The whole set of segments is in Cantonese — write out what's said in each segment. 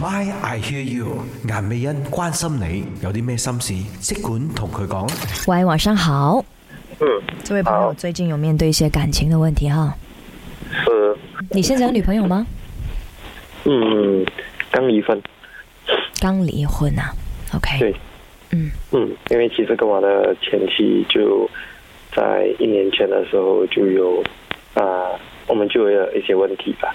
Why I hear you？顏美欣關心你有啲咩心事，即管同佢講。喂，晚上好。嗯，這位朋友最近有面對一些感情的問題哈。好。你現在有女朋友嗎？嗯，剛離婚。剛離婚啊？OK。對。嗯嗯，因為其實跟我的前妻就在一年前的時候就有啊，我們就有一些問題吧。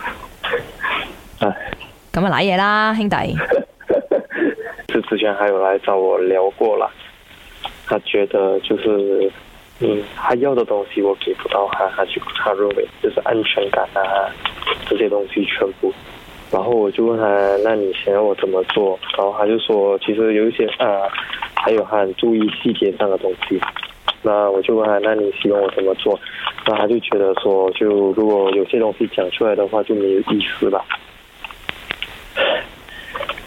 咁啊，瀨嘢啦，兄弟。是 之前還有來找我聊過啦，他覺得就是，嗯，他要的東西我給不到他，他就他認為就是安全感啊，這些東西全部。然後我就問他，那你想要我怎麼做？然後他就說，其實有一些，啊，還有很注意細節上的東西。那我就問他，那你希望我怎麼做？那他就覺得說，就如果有些東西講出來的話，就沒有意思啦。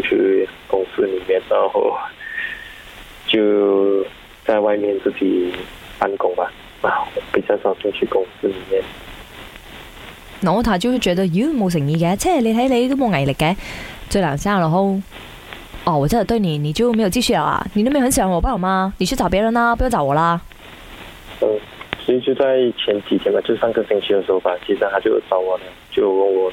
進去公司裏面，然後就在外面自己辦公吧，啊，比較少進去公司裏面。然後他就會覺得，咦，冇誠意嘅，即係，你睇你都冇毅力嘅，最難生咯好。哦，我真係對你，你就沒有繼續了啊？你那邊很喜歡我爸爸嗎？你去找別人啦，啊，不要找我啦。嗯，所以就在前幾天吧，就上個星期的時候吧，其實他就找我，就問我。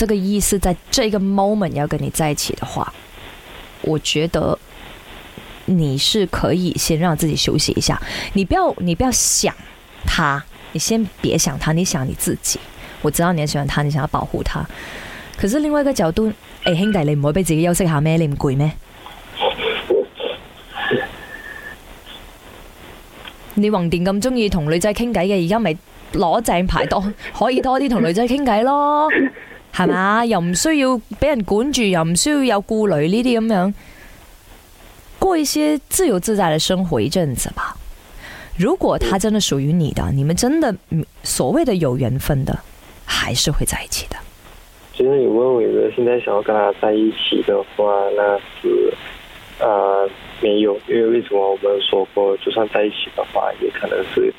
這個意思，在這個 moment 要跟你在一起的話，我覺得你是可以先讓自己休息一下。你不要，你不要想他，你先別想他，你想你自己。我知道你喜歡他，你想要保護他，可是另外一個角度，誒、哎，兄弟，你唔會俾自己休息下咩？你唔攰咩？你橫掂咁中意同女仔傾偈嘅，而家咪攞正牌多，可以多啲同女仔傾偈咯。係嘛，又唔 需要俾人管住，又唔需要有顧慮呢啲咁樣，過一些自由自在的生活一陣子吧。如果他真的屬於你的，你們真的所謂的有緣分的，還是會在一起的。其實你問我現在想要跟他在一起的話，那是啊、呃、沒有，因為為什麼我們說過，就算在一起的話，也可能是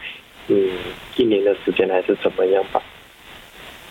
嗯一年的時間還是怎麼樣吧。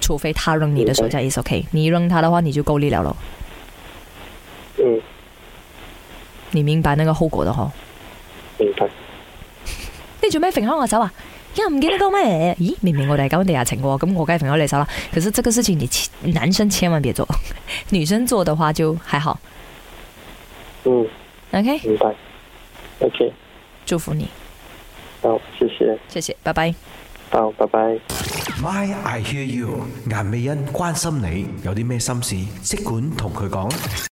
除非他扔你的手架也白 OK，你扔他的話你就夠力了嘍。嗯，你明白那個後果嘅話？明白。 你做咩甩開我手啊？因為唔記得講咩？ 咦，明明我哋係搞地下情嘅，咁我梗係甩開你手啦。可是這個事情你男生千萬別做，女生做的話就還好。嗯，OK，明白。OK，祝福你。好，哦，謝謝，謝謝，拜拜。好，拜拜。My I hear you，顏美欣關心你，有啲咩心事，即管同佢講。